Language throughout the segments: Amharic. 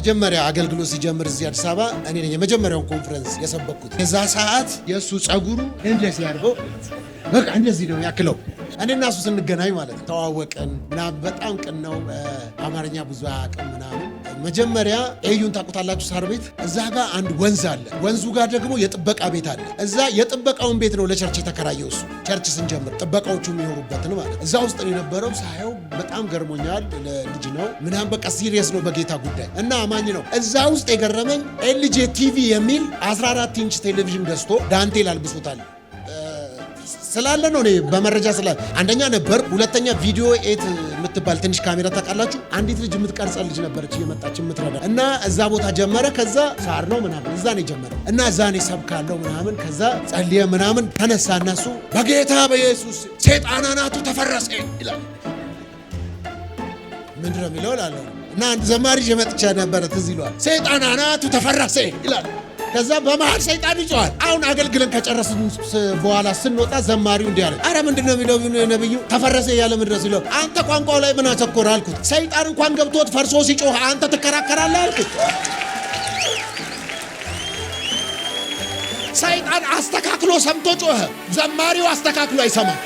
መጀመሪያ አገልግሎት ሲጀምር እዚህ አዲስ አበባ እኔ ነኝ የመጀመሪያውን ኮንፈረንስ የሰበኩት። የዛ ሰዓት የእሱ ጸጉሩ እንደዚህ ያድርገው በቃ እንደዚህ ነው ያክለው። እና እሱ ስንገናኝ ማለት ተዋወቅን ምናምን። በጣም ቅን ነው፣ አማርኛ ብዙ አያውቅም ምናምን መጀመሪያ ኤዩን ታቁታላችሁ ሳር ቤት እዛ ጋር አንድ ወንዝ አለ። ወንዙ ጋር ደግሞ የጥበቃ ቤት አለ። እዛ የጥበቃውን ቤት ነው ለቸርች የተከራየው እሱ። ቸርች ስንጀምር ጥበቃዎቹ የሚኖሩበትን ማለት እዛ ውስጥ ነው የነበረው። ሳየው በጣም ገርሞኛል። ለልጅ ነው ምናም በቃ ሲሪየስ ነው በጌታ ጉዳይ እና አማኝ ነው። እዛ ውስጥ የገረመኝ ኤልጄ ቲቪ የሚል 14 ኢንች ቴሌቪዥን ገዝቶ ዳንቴል አልብሶታል። ስላለ ነው። እኔ በመረጃ ስላ አንደኛ ነበር፣ ሁለተኛ ቪዲዮ ኤት የምትባል ትንሽ ካሜራ ታውቃላችሁ፣ አንዲት ልጅ የምትቀርጸ ልጅ ነበረች እየመጣች የምትረዳ እና እዛ ቦታ ጀመረ። ከዛ ሳር ነው ምናምን እዛ ነው የጀመረ እና እዛ ነው ሰብካለው ምናምን ከዛ ጸልየ ምናምን ተነሳ እና በጌታ በኢየሱስ ሴጣናናቱ ተፈረሰ ይላል። ምንድነው የሚለው ላለ እና ዘማሪ መጥቻ ነበረ ትዝ ይለዋል። ሴጣናናቱ ተፈረሰ ይላል። ከዛ በመሀል ሰይጣን ይጨዋል። አሁን አገልግለን ከጨረስን በኋላ ስንወጣ ዘማሪው እንዲህ አለ፣ አረ ምንድነው የሚለው ነብዩ? ተፈረሰ ያለ ምድረስ ይለው። አንተ ቋንቋው ላይ ምን አተኮረ አልኩት። ሰይጣን እንኳን ገብቶት ፈርሶ ሲጮህ አንተ ትከራከራለህ አልኩት። ሰይጣን አስተካክሎ ሰምቶ ጮኸ፣ ዘማሪው አስተካክሎ አይሰማም።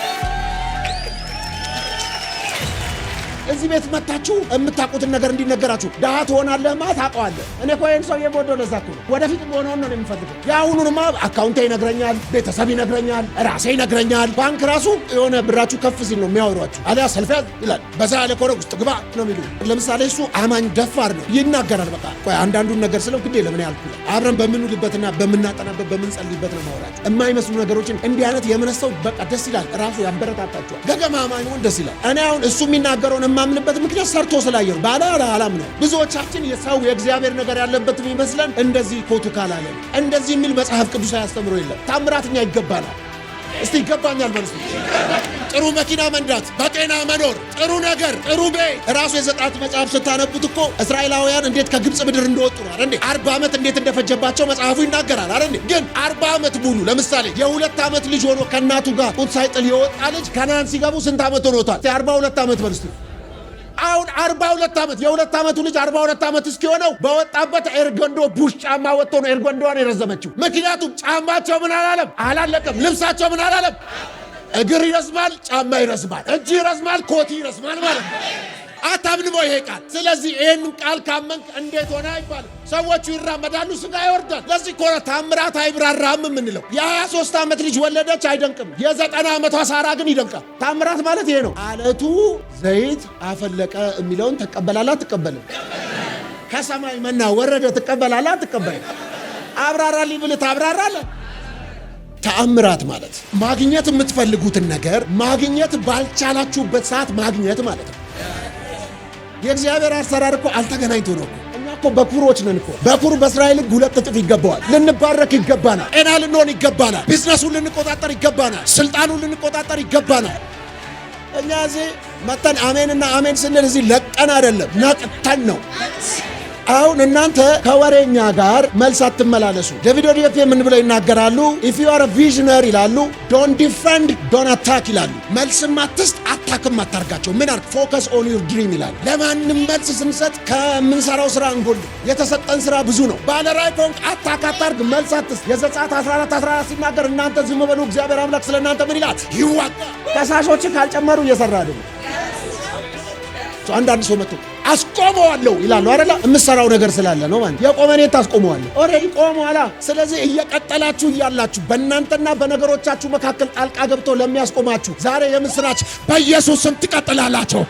እዚህ ቤት መታችሁ የምታውቁትን ነገር እንዲነገራችሁ። ድሀ ማ ታውቀዋለህ። እኔ እኮ ይህን ሰው የምወደው ለዛ እኮ ነው። ወደፊት ሆነውን ነው የሚፈልገው። የአሁኑንማ አካውንቴ ይነግረኛል፣ ቤተሰብ ይነግረኛል፣ ራሴ ይነግረኛል። ባንክ ራሱ የሆነ ብራችሁ ከፍ ሲል ነው የሚያወሯችሁ። አሊያ ሰልፍ ይላል። በዛ ያለ ከሆነ ውስጥ ግባ ነው የሚሉ። ለምሳሌ እሱ አማኝ ደፋር ነው፣ ይናገራል። በቃ ቆይ አንዳንዱን ነገር ስለው ግዴ ለምን ያልኩ አብረን በምንውልበትና በምናጠናበት በምንጸልይበት ነው ማወራቸው የማይመስሉ ነገሮችን እንዲህ አይነት የምነሰው በቃ ደስ ይላል። ራሱ ያበረታታቸዋል። ገገማ አማኝ ሆን ደስ ይላል። እኔ አሁን እሱ የሚናገረውን የማምንበት ምክንያት ሰርቶ ስላየሁ ባለ አላም ነው። ብዙዎቻችን የሰው የእግዚአብሔር ነገር ያለበት ይመስለን። እንደዚህ ኮቱ ካላለ እንደዚህ የሚል መጽሐፍ ቅዱስ አያስተምሮ የለም። ታምራትኛ ይገባናል። እስቲ ይገባኛል መልስ ጥሩ መኪና መንዳት፣ በጤና መኖር፣ ጥሩ ነገር፣ ጥሩ ቤት። ራሱ የዘጸአት መጽሐፍ ስታነቡት እኮ እስራኤላውያን እንዴት ከግብፅ ምድር እንደወጡ ነው አይደል? አርባ ዓመት እንዴት እንደፈጀባቸው መጽሐፉ ይናገራል አይደል? ግን አርባ ዓመት ሙሉ ለምሳሌ የሁለት ዓመት ልጅ ሆኖ ከእናቱ ጋር ጡት ሳይጥል የወጣ ልጅ ከነዓን ሲገቡ ስንት ዓመት ሆኖታል? አርባ ሁለት ዓመት በርስቱ አሁን አርባ ሁለት ዓመት የሁለት ዓመቱ ልጅ አርባ ሁለት ዓመት እስኪሆነው በወጣበት ኤርጎንዶ ቡሽ ጫማ ወጥቶ ነው ኤርጎንዶዋን የረዘመችው። ምክንያቱም ጫማቸው ምን አላለም አላለቀም። ልብሳቸው ምን አላለም። እግር ይረዝማል፣ ጫማ ይረዝማል፣ እጅ ይረዝማል፣ ኮቲ ይረዝማል ማለት ነው። አታምንሞ ይሄ ቃል። ስለዚህ ይህን ቃል ካመንክ እንዴት ሆነ አይባልም። ሰዎቹ ይራመዳሉ፣ ስጋ ይወርዳል። ለዚህ ኮነ ታምራት አይብራራም የምንለው። የ23 ዓመት ልጅ ወለደች አይደንቅም። የ90 ዓመቷ ሳራ ግን ይደንቃል። ታምራት ማለት ይሄ ነው። አለቱ ዘይት አፈለቀ የሚለውን ተቀበላላ ትቀበልም። ከሰማይ መና ወረደ ትቀበላላ ትቀበል አብራራልኝ ሊብል ታብራራለ ተአምራት ማለት ማግኘት የምትፈልጉትን ነገር ማግኘት ባልቻላችሁበት ሰዓት ማግኘት ማለት ነው። የእግዚአብሔር አሰራር እኮ አልተገናኝቶ ነው እኮ። እኛ እኮ በኩሮች ነን እኮ። በኩር በእስራኤል ህግ ሁለት እጥፍ ይገባዋል። ልንባረክ ይገባናል። ጤና ልንሆን ይገባናል። ቢዝነሱን ልንቆጣጠር ይገባናል። ስልጣኑን ልንቆጣጠር ይገባናል። እኛ እዚህ መተን አሜንና አሜን ስንል እዚህ ለቀን አይደለም ነቅተን ነው። አሁን እናንተ ከወሬኛ ጋር መልስ አትመላለሱ። ዴቪድ ኦዲፌ ምን ብለው ይናገራሉ? ኢፍ ዩ አር ቪዥነር ይላሉ፣ ዶን ዲፈንድ ዶን አታክ ይላሉ። መልስም አትስጥ፣ አታክም አታርጋቸው። ምን አርግ? ፎከስ ኦን ዩር ድሪም ይላሉ። ለማንም መልስ ስንሰጥ ከምንሰራው ስራ እንጎል። የተሰጠን ስራ ብዙ ነው። ባለራይ ራዕይ አታክ አታርግ፣ መልስ አትስጥ። የዘጸአት 14 14 ሲናገር እናንተ ዝም በሉ፣ እግዚአብሔር አምላክ ስለ እናንተ ምን ይላል? ይዋጋ። ከሳሾችን ካልጨመሩ እየሰራ አይደለም አንድ ሰው መጥቶ አስቆመዋለሁ ይላሉ አይደለ? የምሰራው ነገር ስላለ ነው ማለት የቆመ ታስቆመዋለሁ። ኦልሬዲ ቆመዋላ። ስለዚህ እየቀጠላችሁ እያላችሁ በእናንተና በነገሮቻችሁ መካከል ጣልቃ ገብቶ ለሚያስቆማችሁ ዛሬ የምስራች በኢየሱስ ስም ትቀጥላላቸው።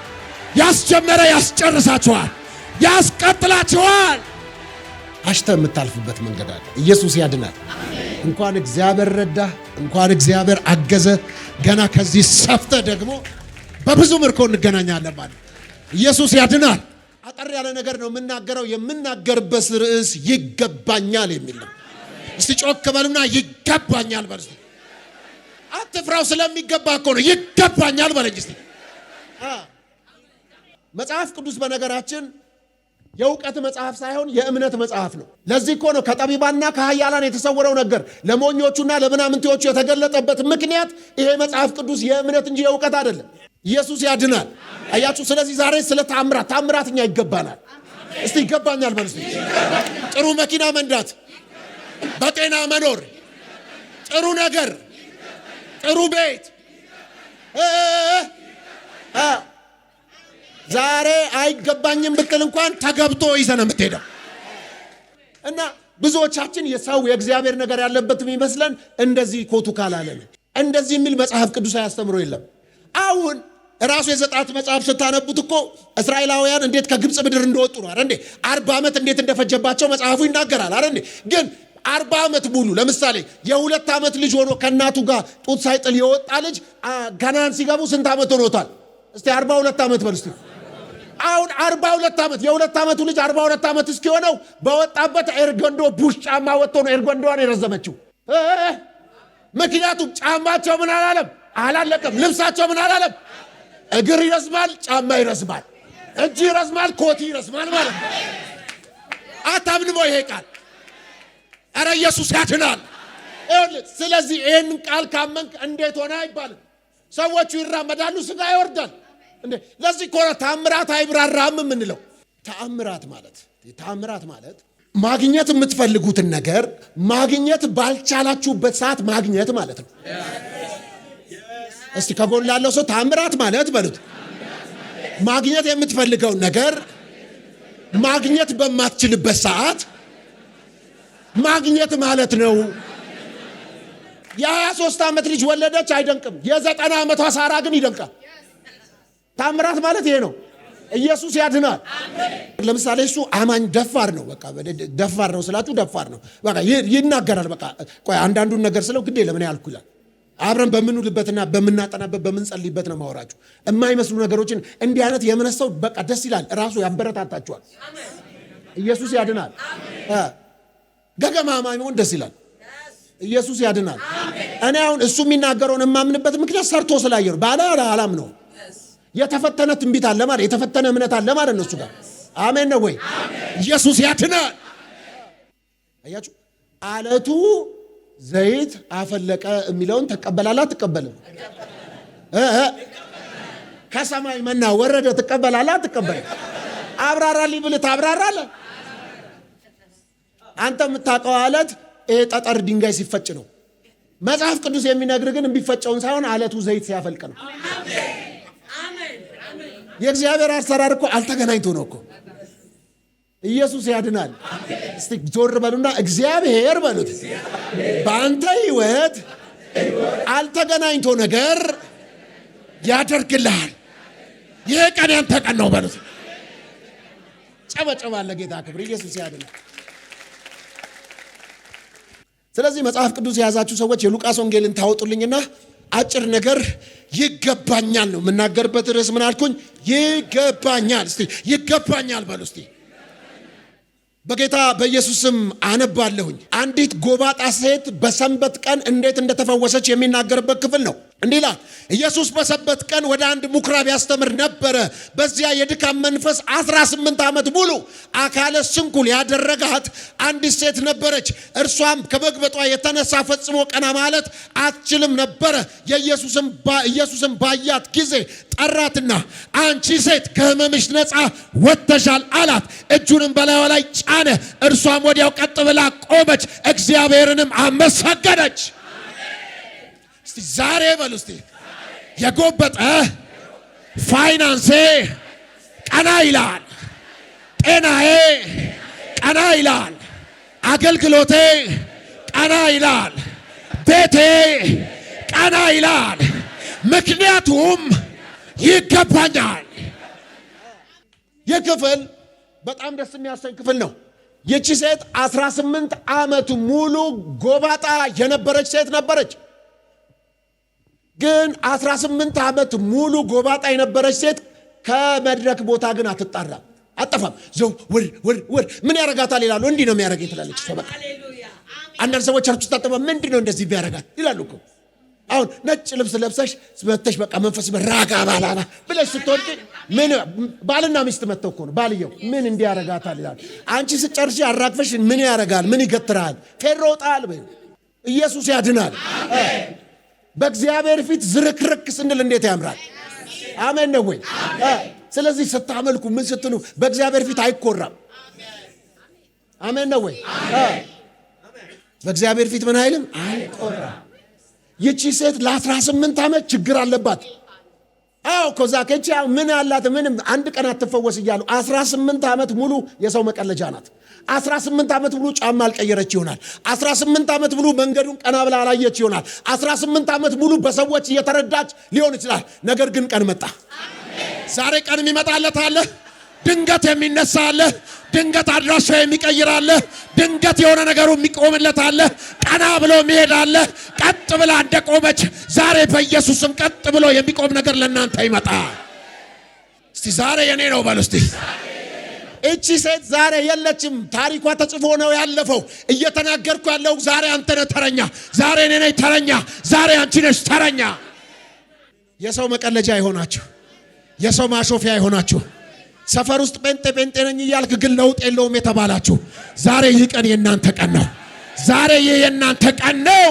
ያስጀመረ ያስጨርሳችኋል፣ ያስቀጥላችኋል። አሽተ የምታልፍበት መንገድ አለ። ኢየሱስ ያድናል። እንኳን እግዚአብሔር ረዳ፣ እንኳን እግዚአብሔር አገዘ። ገና ከዚህ ሰፍተ ደግሞ በብዙ ምርኮ እንገናኛለን ማለት ኢየሱስ ያድናል። አጠር ያለ ነገር ነው የምናገረው። የምናገርበት ርዕስ ይገባኛል የሚል ነው። እስቲ ጮክ በልና ይገባኛል በል። አትፍራው፣ ስለሚገባ እኮ ነው። ይገባኛል በለኝ እስቲ። መጽሐፍ ቅዱስ በነገራችን የእውቀት መጽሐፍ ሳይሆን የእምነት መጽሐፍ ነው። ለዚህ እኮ ነው ከጠቢባና ከሀያላን የተሰወረው ነገር ለሞኞቹና ለምናምንቴዎቹ የተገለጠበት ምክንያት ይሄ መጽሐፍ ቅዱስ የእምነት እንጂ የእውቀት አይደለም። ኢየሱስ ያድናል። አያችሁ። ስለዚህ ዛሬ ስለ ታምራት ታምራት እኛ ይገባናል። እስቲ ይገባኛል መልስ። ጥሩ መኪና መንዳት፣ በጤና መኖር፣ ጥሩ ነገር፣ ጥሩ ቤት ዛሬ አይገባኝም ብትል እንኳን ተገብቶ ይዘህ ነው የምትሄደው እና ብዙዎቻችን የሰው የእግዚአብሔር ነገር ያለበት የሚመስለን እንደዚህ ኮቱ ካላለን እንደዚህ የሚል መጽሐፍ ቅዱስ አያስተምሮ የለም አሁን ራሱ የዘጣት መጽሐፍ ስታነቡት እኮ እስራኤላውያን እንዴት ከግብፅ ምድር እንደወጡ ነው። አረንዴ አርባ ዓመት እንዴት እንደፈጀባቸው መጽሐፉ ይናገራል። አረንዴ ግን አርባ ዓመት ሙሉ ለምሳሌ የሁለት ዓመት ልጅ ሆኖ ከእናቱ ጋር ጡት ሳይጥል የወጣ ልጅ ገናን ሲገቡ ስንት ዓመት ሆኖታል? እስቲ አርባ ሁለት ዓመት በል እስቲ አሁን አርባ ሁለት ዓመት የሁለት ዓመቱ ልጅ አርባ ሁለት ዓመት እስኪሆነው በወጣበት ኤርጎንዶ ቡሽ ጫማ ወጥቶ ነው ኤርጎንዶዋን የረዘመችው። ምክንያቱም ጫማቸው ምን አላለም አላለቀም። ልብሳቸው ምን አላለም እግር ይረዝማል፣ ጫማ ይረዝማል፣ እጅ ይረዝማል፣ ኮቲ ይረዝማል ማለት ነው። አታምንሞ ይሄ ቃል ኧረ ኢየሱስ ያድናል። ስለዚህ ይህን ቃል ካመንክ እንዴት ሆነ አይባልም። ሰዎቹ ይራመዳሉ፣ ስጋ ይወርዳል። ለዚህ ከሆነ ታምራት አይብራራም የምንለው ታምራት ማለት ታምራት ማለት ማግኘት የምትፈልጉትን ነገር ማግኘት ባልቻላችሁበት ሰዓት ማግኘት ማለት ነው። እስቲ ከጎን ላለው ሰው ታምራት ማለት በሉት። ማግኘት የምትፈልገውን ነገር ማግኘት በማትችልበት ሰዓት ማግኘት ማለት ነው የሀያ ሶስት ዓመት ልጅ ወለደች፣ የዘጠና ዓመቷ ሳራ ግን ይደንቃል። ታምራት ማለት ይሄ ነው። ኢየሱስ ያድናል። ለምሳሌ እሱ አማኝ ደፋር ነው። በቃ ደፋር ነው ስላችሁ ደፋር ነው። በቃ ይናገራል። በቃ ቆይ አንዳንዱን ነገር ስለው ግዴ ለምን ያልኩ ይላል አብረን በምንውልበትና በምናጠናበት በምንጸልይበት ነው ማወራችሁ። የማይመስሉ ነገሮችን እንዲህ አይነት የእምነት ሰው በቃ ደስ ይላል፣ ራሱ ያበረታታችኋል። ኢየሱስ ያድናል። ገገማማ መሆን ደስ ይላል። ኢየሱስ ያድናል። እኔ አሁን እሱ የሚናገረውን የማምንበት ምክንያት ሰርቶ ስላየ ነው። ባለ አላም ነው የተፈተነ ትንቢት አለ ማለት የተፈተነ እምነት አለ ማለት ነው እሱ ጋር አሜን ነው ወይ? ኢየሱስ ያድናል። አያችሁ አለቱ ዘይት አፈለቀ የሚለውን ትቀበላላ ትቀበልም? ከሰማይ መና ወረደ ትቀበላላ ትቀበል? አብራራ ሊብል ታብራራ አንተ የምታውቀው አለት ጠጠር ድንጋይ ሲፈጭ ነው። መጽሐፍ ቅዱስ የሚነግር ግን የሚፈጨውን ሳይሆን አለቱ ዘይት ሲያፈልቅ ነው። የእግዚአብሔር አሰራር እኮ አልተገናኝቶ ነው እኮ ኢየሱስ ያድናል። እስቲ ዞር በሉና እግዚአብሔር በሉት። በአንተ ህይወት አልተገናኝቶ ነገር ያደርግልሃል። ይህ ቀን ያንተ ቀን ነው በሉት። ጨበጨባለ ጌታ ክብር። ኢየሱስ ያድናል። ስለዚህ መጽሐፍ ቅዱስ የያዛችሁ ሰዎች የሉቃስ ወንጌልን ታወጡልኝና አጭር ነገር ይገባኛል ነው የምናገርበት ርዕስ ምን አልኩኝ? ይገባኛል። እስቲ ይገባኛል በሉ እስቲ በጌታ በኢየሱስም አነባለሁኝ። አንዲት ጎባጣ ሴት በሰንበት ቀን እንዴት እንደተፈወሰች የሚናገርበት ክፍል ነው። እንዲህ ይላል ኢየሱስ በሰንበት ቀን ወደ አንድ ምኩራብ ያስተምር ነበረ። በዚያ የድካም መንፈስ 18 ዓመት ሙሉ አካለ ስንኩል ያደረጋት አንዲት ሴት ነበረች። እርሷም ከመግበጧ የተነሳ ፈጽሞ ቀና ማለት አትችልም ነበረ። ኢየሱስን ባያት ጊዜ ጠራትና አንቺ ሴት ከሕመምሽ ነፃ ወጥተሻል አላት። እጁንም በላዩ ላይ ጫነ። እርሷም ወዲያው ቀጥ ብላ ቆመች፣ እግዚአብሔርንም አመሰገነች። ዛሬ በሉ የጎበጠ ፋይናንሴ ቀና ይላል። ጤናዬ ቀና ይላል። አገልግሎቴ ቀና ይላል። ቤቴ ቀና ይላል። ምክንያቱም ይገባኛል። ይህ ክፍል በጣም ደስ የሚያሰኝ ክፍል ነው። ይቺ ሴት 18 ዓመት ሙሉ ጎባጣ የነበረች ሴት ነበረች። ግን 18 ዓመት ሙሉ ጎባጣ የነበረች ሴት ከመድረክ ቦታ ግን አትጣራም፣ አጠፋም። ዘው ውር ውር ውር ምን ያረጋታል ይላሉ። እንዲህ ነው የሚያረገኝ ትላለች። በቃ አንዳንድ ሰዎች ቸርች ውስጥ አጠፋ ምንድን ነው እንደዚህ ቢያረጋት ይላሉ እኮ አሁን ነጭ ልብስ ለብሰሽ መተሽ በቃ መንፈስ በራጋ ባላባ ብለሽ ስትወድ ምን ባልና ሚስት መተው እኮ ነው። ባልየው ምን እንዲህ ያረጋታል ይላሉ። አንቺ ስጨርሽ አራግፈሽ ምን ያረጋል? ምን ይገትራል? ፌሮጣል። ኢየሱስ ያድናል። አሜን። በእግዚአብሔር ፊት ዝርክርክ ስንል እንዴት ያምራል! አሜን ነው ወይ? ስለዚህ ስታመልኩ ምን ስትሉ በእግዚአብሔር ፊት አይኮራም። አሜን ነው ወይ? በእግዚአብሔር ፊት ምን አይልም፣ አይኮራም። ይቺ ሴት ለ18 ዓመት ችግር አለባት። አዎ ከዛ ከቻ ምን አላት? ምንም አንድ ቀን አትፈወስ እያሉ 18 ዓመት ሙሉ የሰው መቀለጃ ናት። 18 ዓመት ሙሉ ጫማ አልቀየረች ይሆናል። 18 ዓመት ሙሉ መንገዱን ቀና ብላ አላየች ይሆናል። 18 ዓመት ሙሉ በሰዎች እየተረዳች ሊሆን ይችላል። ነገር ግን ቀን መጣ። ዛሬ ቀን የሚመጣለት አለ። ድንገት የሚነሳ አለ። ድንገት አድራሻ የሚቀይር አለ። ድንገት የሆነ ነገሩ የሚቆምለት አለ። ቀና ብሎ የሚሄድ አለ። ቀጥ ብላ እንደቆመች ዛሬ በኢየሱስም ቀጥ ብሎ የሚቆም ነገር ለእናንተ ይመጣ እስቲ ዛሬ የኔ ነው በሉ እስቲ። እቺ ሴት ዛሬ የለችም። ታሪኳ ተጽፎ ነው ያለፈው። እየተናገርኩ ያለው ዛሬ አንተ ነህ ተረኛ፣ ዛሬ እኔ ነኝ ተረኛ፣ ዛሬ አንቺ ነሽ ተረኛ። የሰው መቀለጃ ይሆናችሁ፣ የሰው ማሾፊያ ይሆናችሁ ሰፈር ውስጥ ጴንጤ ጴንጤ ነኝ እያልክ ግን ለውጥ የለውም የተባላችሁ ዛሬ ይህ ቀን የእናንተ ቀን ነው። ዛሬ ይህ የእናንተ ቀን ነው።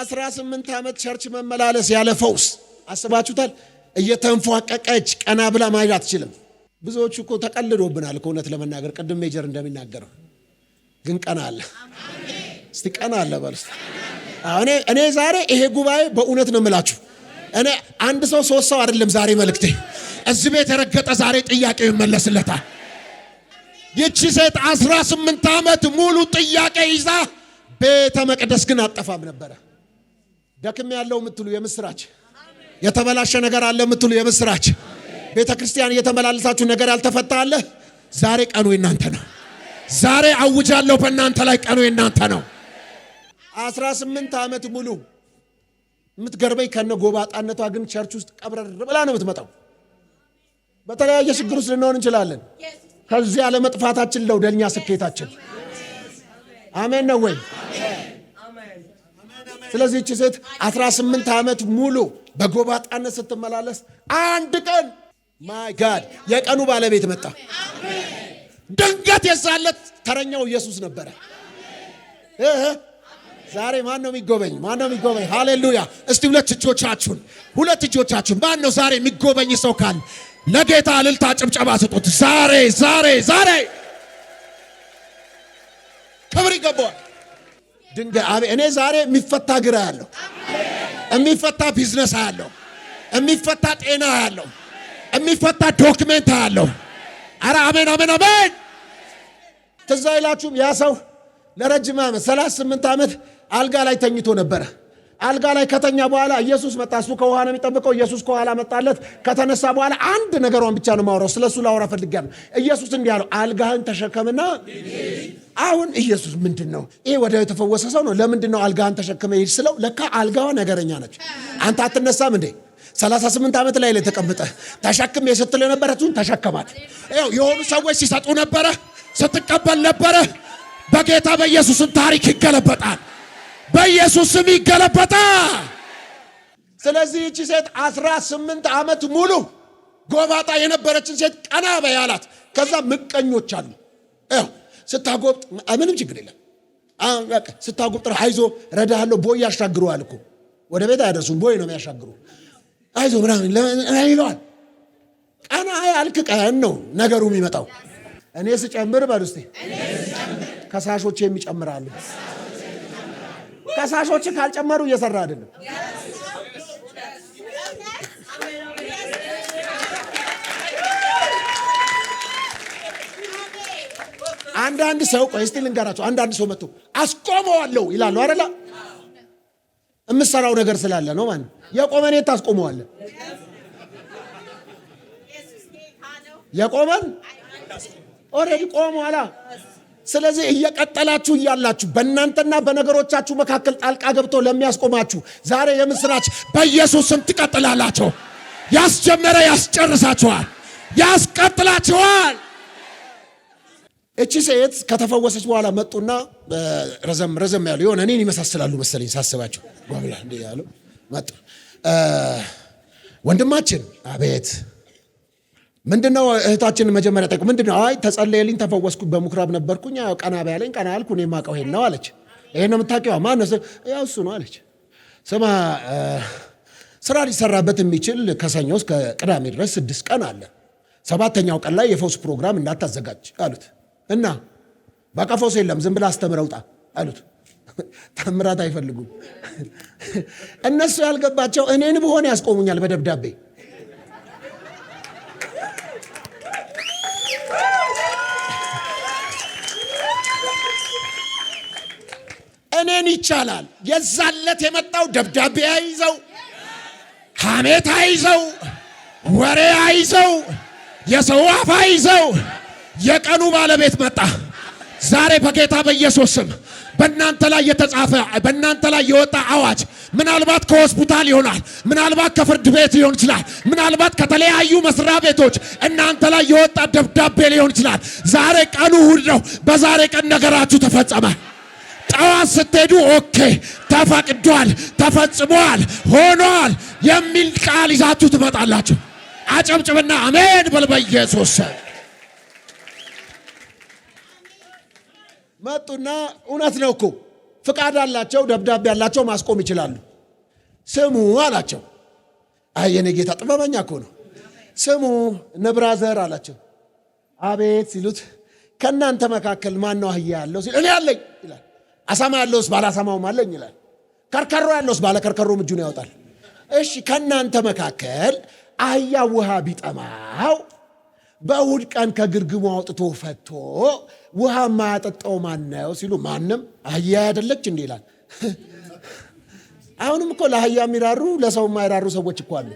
አስራ ስምንት ዓመት ቸርች መመላለስ ያለ ፈውስ አስባችሁታል። እየተንፏቀቀች ቀና ብላ ማሄድ አትችልም። ብዙዎቹ እኮ ተቀልዶብናል እውነት ለመናገር ቅድም ሜጀር እንደሚናገረው ግን ቀና አለ። እስቲ ቀና አለ በል። እኔ ዛሬ ይሄ ጉባኤ በእውነት ነው የምላችሁ። እኔ አንድ ሰው ሶስት ሰው አይደለም ዛሬ መልእክቴ እዚህ ቤት የረገጠ ዛሬ ጥያቄው ይመለስለታል። ይቺ ሴት አስራ ስምንት ዓመት ሙሉ ጥያቄ ይዛ ቤተ መቅደስ ግን አጠፋም ነበረ። ደክም ያለው የምትሉ የምስራች፣ የተበላሸ ነገር አለ የምትሉ የምስራች። ቤተ ክርስቲያን እየተመላለሳችሁ ነገር ያልተፈታ አለ። ዛሬ ቀኑ የናንተ ነው። ዛሬ አውጃለሁ በእናንተ ላይ ቀኑ የእናንተ ነው። አስራ ስምንት ዓመት ሙሉ የምትገርበኝ ከነ ጎባጣነቷ ግን ቸርች ውስጥ ቀብረር ብላ ነው የምትመጣው። በተለያየ ችግር ውስጥ ልንሆን እንችላለን። ከዚህ አለመጥፋታችን ነው ለእኛ ስኬታችን። አሜን ነው ወይ? ስለዚህ እቺ ሴት 18 ዓመት ሙሉ በጎባጣነት ስትመላለስ አንድ ቀን ማይ ጋድ የቀኑ ባለቤት መጣ። ድንገት የዛለት ተረኛው ኢየሱስ ነበረ። ዛሬ ማን ነው የሚጎበኝ? ማን ነው የሚጎበኝ? ሃሌሉያ! እስቲ ሁለት እጆቻችሁን ሁለት እጆቻችሁን ማን ነው ዛሬ የሚጎበኝ ሰው ካለ ለጌታ እልልታ ጭብጨባ ስጡት። ዛሬ ዛሬ ዛሬ ክብር ይገባዋል። ድንጋይ እኔ ዛሬ የሚፈታ ግራ ያለው የሚፈታ ቢዝነስ ያለው የሚፈታ ጤና ያለው የሚፈታ ዶክመንት ያለው አረ አሜን አሜን አሜን። ትዝ አይላችሁም? ያ ሰው ለረጅም ዓመት 38 ዓመት አልጋ ላይ ተኝቶ ነበረ። አልጋ ላይ ከተኛ በኋላ ኢየሱስ መጣ። እሱ ከውሃ ነው የሚጠብቀው። ኢየሱስ ከኋላ መጣለት። ከተነሳ በኋላ አንድ ነገሯን ብቻ ነው ማውራው፣ ስለ እሱ ላውራ ፈልጋለሁ። ኢየሱስ እንዲህ አለው፣ አልጋህን ተሸከምና። አሁን ኢየሱስ ምንድን ነው ይህ ወደ የተፈወሰ ሰው ነው። ለምንድን ነው አልጋህን ተሸክመ ሂድ ስለው፣ ለካ አልጋዋ ነገረኛ ነች። አንተ አትነሳም እንዴ? 38 ዓመት ላይ ላይ ተቀምጠ ተሸክም ስትል የነበረችውን ተሸከማት። የሆኑ ሰዎች ሲሰጡ ነበረ፣ ስትቀበል ነበረ። በጌታ በኢየሱስን ታሪክ ይገለበጣል። በኢየሱስ ስም ይገለበጣ። ስለዚህ እቺ ሴት አስራ ስምንት ዓመት ሙሉ ጎባጣ የነበረችን ሴት ቀና በያላት። ከዛ ምቀኞች አሉ ስታጎብጥ ምንም ችግር የለም ስታጎብጥ አይዞ ረዳሃለሁ ቦይ ያሻግረዋል እኮ ወደ ቤት አያደርሱም ቦይ ነው የሚያሻግሩ አይዞ ምናምን ይለዋል ቀና ያልክ ቀን ነው ነገሩ የሚመጣው እኔ ስጨምር በል ከሳሾች የሚጨምራሉ ከሳሾችን ካልጨመሩ እየሰራ አይደለም። አንዳንድ ሰው ቆይ እስቲ ልንገራቸው። አንዳንድ ሰው መጥቶ አስቆመዋለሁ ይላሉ አይደለ? የምሰራው ነገር ስላለ ነው ማለት የቆመን የት ታስቆመዋለህ? የቆመን ኦልሬዲ ቆመዋላ ስለዚህ እየቀጠላችሁ እያላችሁ በእናንተና በነገሮቻችሁ መካከል ጣልቃ ገብቶ ለሚያስቆማችሁ ዛሬ የምስራች በኢየሱስም ስም ትቀጥላላቸው። ያስጀመረ ያስጨርሳችኋል፣ ያስቀጥላችኋል። እቺ ሴት ከተፈወሰች በኋላ መጡና ረዘም ረዘም ያሉ የሆነ እኔን ይመሳስላሉ መሰለኝ ሳስባቸው ጓብላ እንዲህ ያሉ መጡ። ወንድማችን አቤት ምንድነው እህታችን መጀመሪያ ጠቁ ምንድነው? አይ ተጸለየልኝ፣ ተፈወስኩ፣ በምኩራብ ነበርኩኝ፣ ቀና ቢያለኝ ቀና ያልኩ እኔ የማውቀው ይሄን ነው አለች። ይሄን ነው የምታውቂው? ማነው? ያው እሱ ነው አለች። ስማ ስራ ሊሰራበት የሚችል ከሰኞ እስከ ቅዳሜ ድረስ ስድስት ቀን አለ። ሰባተኛው ቀን ላይ የፈውስ ፕሮግራም እንዳታዘጋጅ አሉት። እና በቃ ፈውስ የለም ዝም ብላ አስተምረውጣ አሉት። ተምራት አይፈልጉም እነሱ ያልገባቸው እኔን ብሆን ያስቆሙኛል በደብዳቤ እኔን ይቻላል። የዛለት የመጣው ደብዳቤ አይዘው፣ ሐሜት አይዘው፣ ወሬ አይዘው፣ የሰው አፍ አይዘው። የቀኑ ባለቤት መጣ። ዛሬ በጌታ በኢየሱስ ስም በእናንተ ላይ የተጻፈ በእናንተ ላይ የወጣ አዋጅ ምናልባት ከሆስፒታል ይሆናል፣ ምናልባት ከፍርድ ቤት ሊሆን ይችላል፣ ምናልባት ከተለያዩ መስሪያ ቤቶች እናንተ ላይ የወጣ ደብዳቤ ሊሆን ይችላል። ዛሬ ቀኑ እሁድ ነው። በዛሬ ቀን ነገራችሁ ተፈጸመ። ጠዋት ስትሄዱ ኦኬ ተፈቅዷል፣ ተፈጽሟል፣ ሆኗል የሚል ቃል ይዛችሁ ትመጣላችሁ። አጨብጭብና አሜን በል በኢየሱስ መጡና እውነት ነው እኮ ፍቃድ አላቸው፣ ደብዳቤ ያላቸው ማስቆም ይችላሉ። ስሙ አላቸው። አይ የኔ ጌታ ጥበበኛ እኮ ነው። ስሙ ነብራዘር አላቸው። አቤት ሲሉት ከእናንተ መካከል ማን ነው አህያ ያለው ሲል እኔ አለኝ ይላል። አሳማ ያለውስ ባለ አሳማውም አለኝ ይላል። ከርከሮ ያለውስ ባለ ከርከሮም እጁን ያወጣል። እሺ ከእናንተ መካከል አህያ ውሃ ቢጠማው በእሁድ ቀን ከግርግሙ አውጥቶ ፈቶ ውሃ ማያጠጣው ማነው ሲሉ ማንም አህያ ያደለች እንዲ ይላል። አሁንም እኮ ለአህያ የሚራሩ ለሰው የማይራሩ ሰዎች እኮ አሉ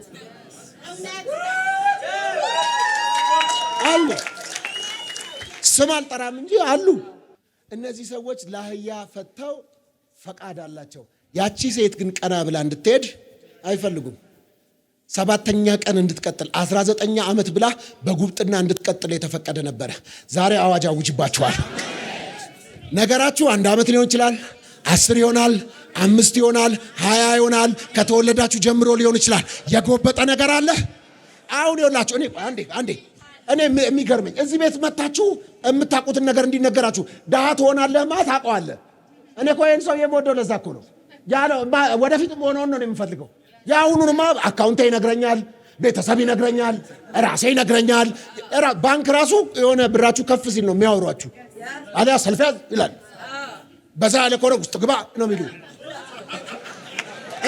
አሉ። ስም አልጠራም እንጂ አሉ። እነዚህ ሰዎች ለአህያ ፈተው ፈቃድ አላቸው። ያቺ ሴት ግን ቀና ብላ እንድትሄድ አይፈልጉም። ሰባተኛ ቀን እንድትቀጥል አስራ ዘጠኛ ዓመት ብላ በጉብጥና እንድትቀጥል የተፈቀደ ነበረ። ዛሬ አዋጅ አውጅባችኋል። ነገራችሁ አንድ ዓመት ሊሆን ይችላል፣ አስር ይሆናል፣ አምስት ይሆናል፣ ሀያ ይሆናል፣ ከተወለዳችሁ ጀምሮ ሊሆን ይችላል። የጎበጠ ነገር አለ። አሁን ይሆንላችሁ እኔ አንዴ አንዴ እኔ የሚገርመኝ እዚህ ቤት መታችሁ የምታውቁትን ነገር እንዲነገራችሁ ድሃ ትሆናለህማ ታውቀዋለህ። እኔ እኮ ይህን ሰው የምወደው ለዛ እኮ ነው። ወደፊት ሆነውን ነው የምፈልገው። የአሁኑንማ አካውንቴ ይነግረኛል፣ ቤተሰብ ይነግረኛል፣ ራሴ ይነግረኛል። ባንክ ራሱ የሆነ ብራችሁ ከፍ ሲል ነው የሚያወሯችሁ። አሊያ ሰልፊያ ይላል። በዛ ያለ ከሆነ ውስጥ ግባ ነው የሚሉ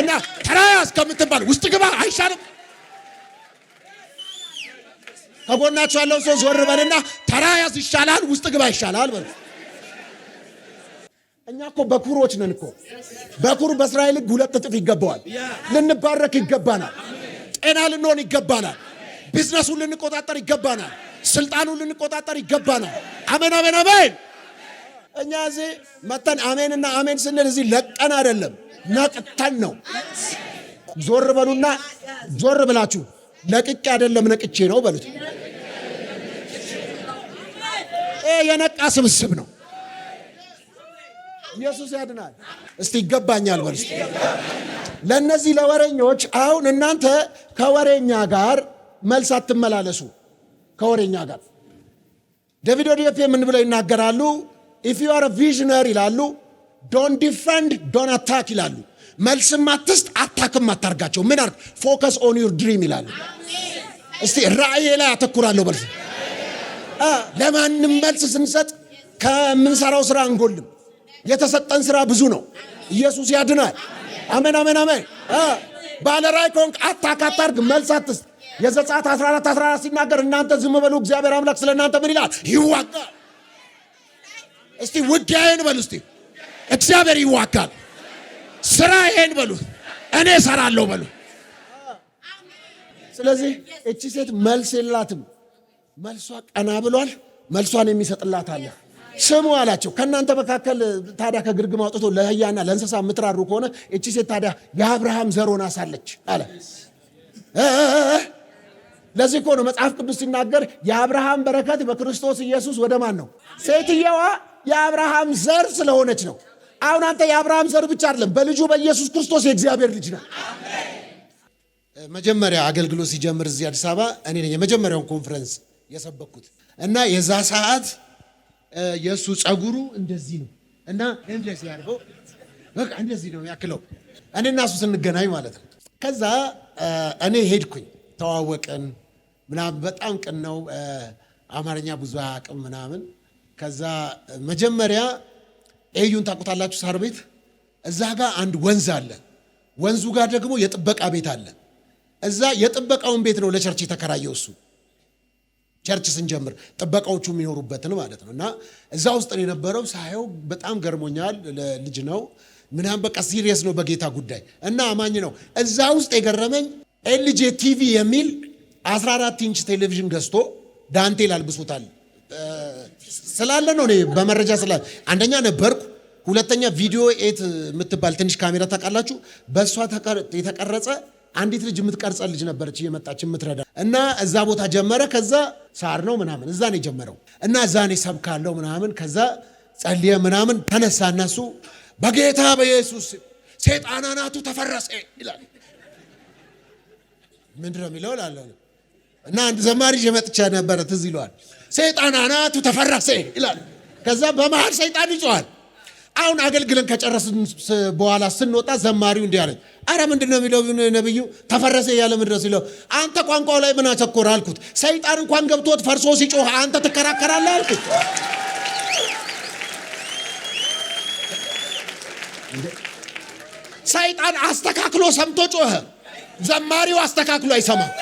እና ተራያ እስከምትባል ውስጥ ግባ አይሻልም? ከጎናችሁ ያለው ሰው ዞር በልና ተራ ያዝ ይሻላል፣ ውስጥ ግባ ይሻላል በል። እኛ እኮ በኩሮች ነን እኮ። በኩር በእስራኤል ሕግ ሁለት እጥፍ ይገባዋል። ልንባረክ ይገባናል። ጤና ልንሆን ይገባናል። ቢዝነሱን ልንቆጣጠር ይገባናል። ስልጣኑን ልንቆጣጠር ይገባናል። አሜን፣ አሜን፣ አሜን። እኛ እዚህ መተን አሜንና አሜን ስንል እዚህ ለቀን አይደለም ነቅተን ነው። ዞር በሉና ዞር ብላችሁ ለቅቄ አይደለም ነቅቼ ነው በሉት። ይሄ የነቃ ስብስብ ነው። ኢየሱስ ያድናል። እስቲ ይገባኛል በል። ለእነዚህ ለወሬኞች አሁን እናንተ ከወሬኛ ጋር መልስ አትመላለሱ። ከወሬኛ ጋር ዴቪድ ኦዲፌ ምን ብለው ይናገራሉ? ኢፍ ዩ አር ቪዥነር ይላሉ። ዶን ዲፈንድ ዶን አታክ ይላሉ። መልስም አትስጥ፣ አታክም አታርጋቸው። ምን አርግ ፎከስ ኦን ዩር ድሪም ይላሉ። እስቲ ራእዬ ላይ አተኩራለሁ በል ለማንም መልስ ስንሰጥ ከምንሰራው ስራ አንጎልም። የተሰጠን ስራ ብዙ ነው። ኢየሱስ ያድናል። አሜን፣ አሜን፣ አሜን። ባለራይ ኮንክ ከሆንክ አታክ አታርግ፣ መልስ አትስ የዘጸአት 14 14 ሲናገር እናንተ ዝም በሉ፣ እግዚአብሔር አምላክ ስለ እናንተ ምን ይላል? ይዋጋል። እስቲ ውጊያዬን በሉ እስቲ እግዚአብሔር ይዋጋል። ይሄን በሉ እኔ እሰራለሁ በሉ። ስለዚህ እቺ ሴት መልስ የላትም። መልሷ ቀና ብሏል። መልሷን የሚሰጥላት አለ። ስሙ አላቸው። ከእናንተ መካከል ታዲያ ከግርግም አውጥቶ ለህያና ለእንስሳ የምትራሩ ከሆነ እቺ ሴት ታዲያ የአብርሃም ዘር አሳለች ሳለች አለ። ለዚህ እኮ መጽሐፍ ቅዱስ ሲናገር የአብርሃም በረከት በክርስቶስ ኢየሱስ ወደ ማን ነው? ሴትየዋ የአብርሃም ዘር ስለሆነች ነው። አሁን አንተ የአብርሃም ዘር ብቻ አይደለም፣ በልጁ በኢየሱስ ክርስቶስ የእግዚአብሔር ልጅ ነው። መጀመሪያ አገልግሎት ሲጀምር እዚህ አዲስ አበባ እኔ ነኝ የመጀመሪያውን ኮንፈረንስ የሰበኩት እና የዛ ሰዓት የእሱ ጸጉሩ እንደዚህ ነው እና እንደዚህ ያደርገው በቃ እንደዚህ ነው ያክለው። እኔና እሱ ስንገናኝ ማለት ነው። ከዛ እኔ ሄድኩኝ፣ ተዋወቅን ምናምን። በጣም ቅን ነው፣ አማርኛ ብዙ አያውቅም ምናምን። ከዛ መጀመሪያ ኤዩን ታውቁታላችሁ፣ ሳር ቤት እዛ ጋር አንድ ወንዝ አለ። ወንዙ ጋር ደግሞ የጥበቃ ቤት አለ። እዛ የጥበቃውን ቤት ነው ለቸርች የተከራየው እሱ ቸርች ስንጀምር ጥበቃዎቹ የሚኖሩበትን ማለት ነው። እና እዛ ውስጥ ነው የነበረው። ሳየው በጣም ገርሞኛል። ልጅ ነው ምናምን በቃ ሲሪየስ ነው በጌታ ጉዳይ እና አማኝ ነው። እዛ ውስጥ የገረመኝ ኤልጄ ቲቪ የሚል 14 ኢንች ቴሌቪዥን ገዝቶ ዳንቴል አልብሶታል ስላለ ነው እኔ በመረጃ ስላለ አንደኛ ነበርኩ፣ ሁለተኛ ቪዲዮ ኤት የምትባል ትንሽ ካሜራ ታውቃላችሁ፣ በእሷ የተቀረጸ አንዲት ልጅ የምትቀርጸን ልጅ ነበረች እየመጣች የምትረዳ እና እዛ ቦታ ጀመረ። ከዛ ሳር ነው ምናምን እዛ ነው የጀመረው እና እዛ ነው ሰብካለው ምናምን ከዛ ጸልየ ምናምን ተነሳ እና በጌታ በኢየሱስ ሴጣናናቱ ተፈረሰ ይላል። ምንድን ነው የሚለው ላለ እና አንድ ዘማሪ ይዤ ነበረ ትዝ ይለዋል። ሴጣናናቱ ተፈረሰ ይላል። ከዛ በመሀል ሰይጣን ይጮሃል አሁን አገልግለን ከጨረስን በኋላ ስንወጣ ዘማሪው እንዲህ አለኝ። አረ ምንድን ነው የሚለው ነብዩ? ተፈረሰ እያለ ምድረስ ይለው አንተ ቋንቋው ላይ ምን አተኮረ አልኩት። ሰይጣን እንኳን ገብቶት ፈርሶ ሲጮህ አንተ ትከራከራለህ አልኩት። ሰይጣን አስተካክሎ ሰምቶ ጮኸ። ዘማሪው አስተካክሎ አይሰማም።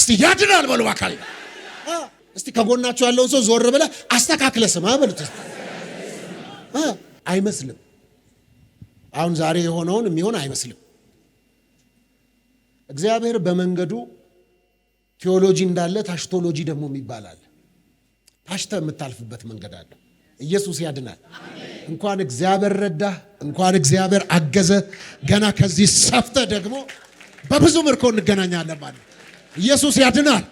እስቲ ያድናል በሉ ባካል እስቲ ከጎናቸው ያለውን ሰው ዞር ብለ አስተካክለ ስማ በሉት። አይመስልም። አሁን ዛሬ የሆነውን የሚሆን አይመስልም። እግዚአብሔር በመንገዱ ቴዎሎጂ እንዳለ ታሽቶሎጂ ደግሞ ይባላል። ታሽተ የምታልፍበት መንገድ አለ። ኢየሱስ ያድናል። እንኳን እግዚአብሔር ረዳ እንኳን እግዚአብሔር አገዘ። ገና ከዚህ ሰፍተ ደግሞ በብዙ ምርኮ እንገናኛለን ማለት ኢየሱስ ያድናል።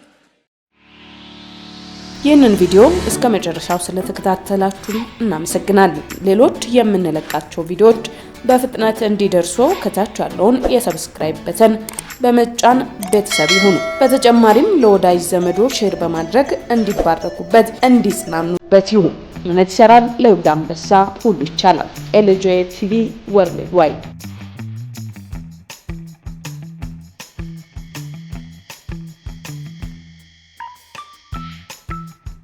ይህንን ቪዲዮ እስከ መጨረሻው ስለተከታተላችሁ እናመሰግናለን። ሌሎች የምንለቃቸው ቪዲዮዎች በፍጥነት እንዲደርሱ ከታች ያለውን የሰብስክራይብ በተን በመጫን ቤተሰብ ይሁኑ። በተጨማሪም ለወዳጅ ዘመዶ ሼር በማድረግ እንዲባረኩበት፣ እንዲጽናኑበት ይሁን። እውነት ይሰራል። ለይሁዳ አንበሳ ሁሉ ይቻላል። ኤልጆ ቲቪ ወርልድ ዋይድ